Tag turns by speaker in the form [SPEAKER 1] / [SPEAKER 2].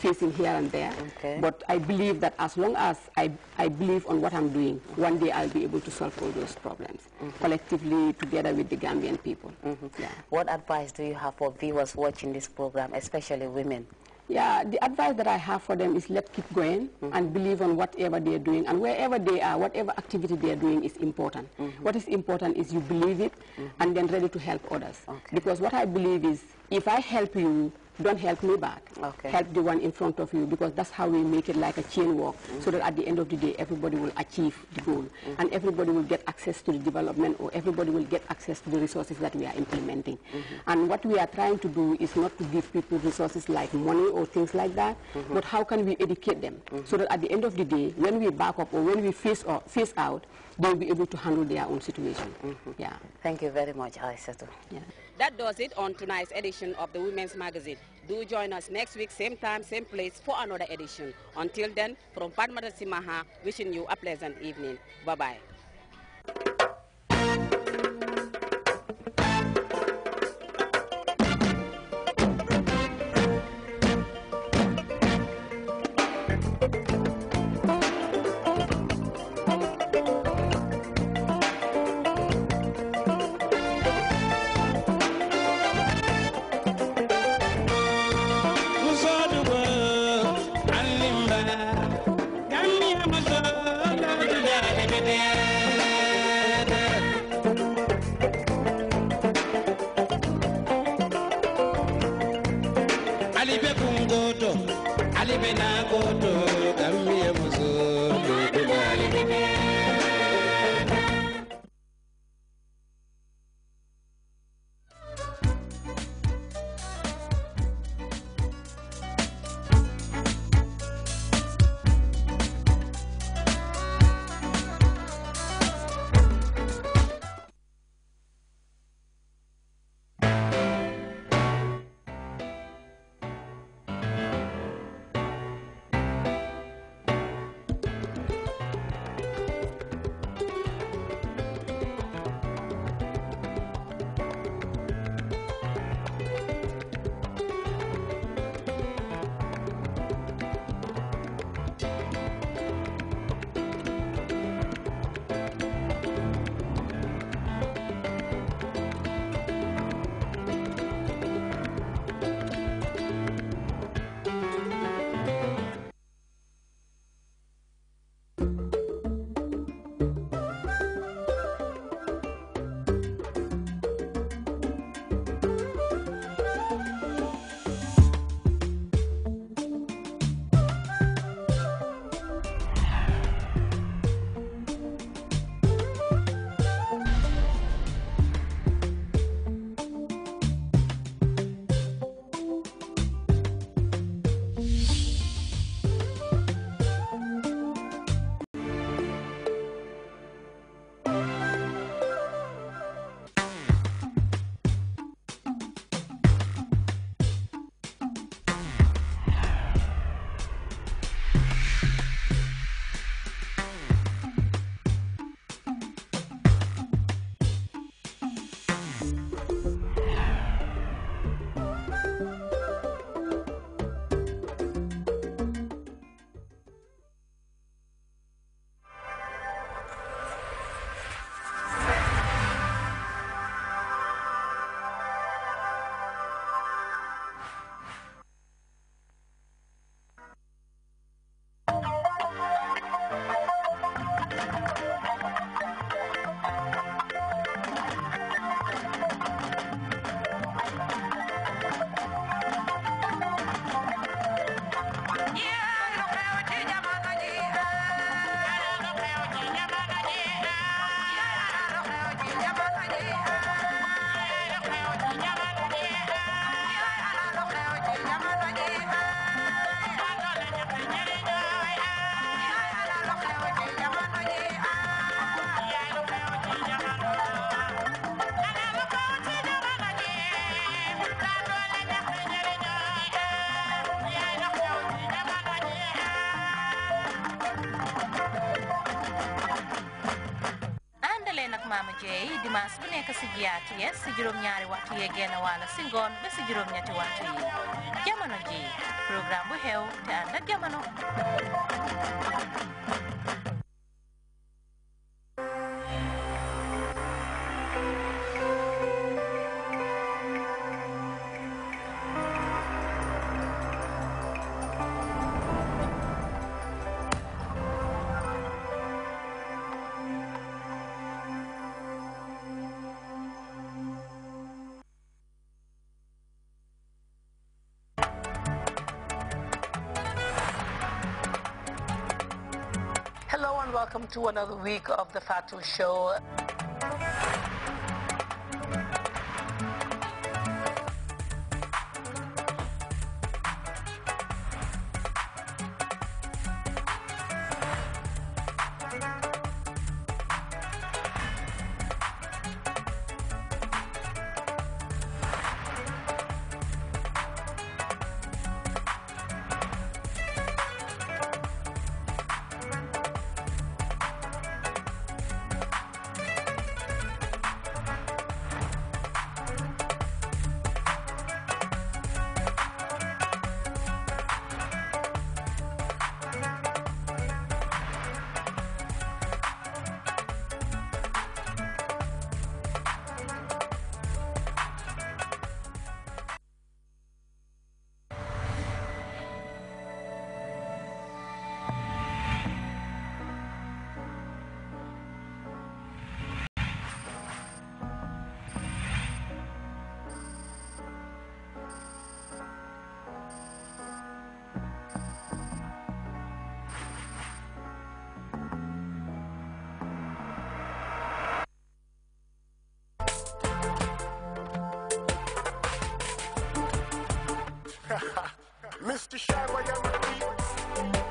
[SPEAKER 1] facing here and there. Okay. But I believe that as long as I, I believe on what I'm doing, one day I'll be able to solve all those problems mm -hmm. collectively together with the Gambian people. Mm -hmm. yeah. What advice do you have for viewers watching this program, especially women? Yeah, the advice that I have for them is let keep going mm -hmm. and believe on whatever they're doing. And wherever they are, whatever activity they're doing is important. Mm -hmm. What is important is you believe it mm -hmm. and then ready to help others. Okay. Because what I believe is if I help you, don't help me back. Okay. Help the one in front of you because that's how we make it like a chain walk mm -hmm. so that at the end of the day everybody will achieve the goal mm -hmm. and everybody will get access to the development or everybody will get access to the resources that we are implementing. Mm -hmm. And what we are trying to do is not to give people resources like money or things like that, mm-hmm. but how can we educate them mm-hmm. so that at the end of the day when we back up or when we face, or face out, they'll be able to handle their own situation. Mm-hmm. Yeah. Thank you very much, Aisatu. Yeah. That does it on tonight's edition of the Women's Magazine. Do join us next week, same time, same place, for another edition. Until then, from Padma Simaha, wishing you a pleasant evening. Bye-bye. buena Maama Dieye dimanche bu nekk si GRTS eh? si juróom-ñaari waxtu yee genn wàll si ngoon ba si juróom-ñetti eh? waxtu yi jamono ji programme bu xew te ànd ak jamono. welcome to another week of The Fatu Show. Mr. Shy, why you repeat?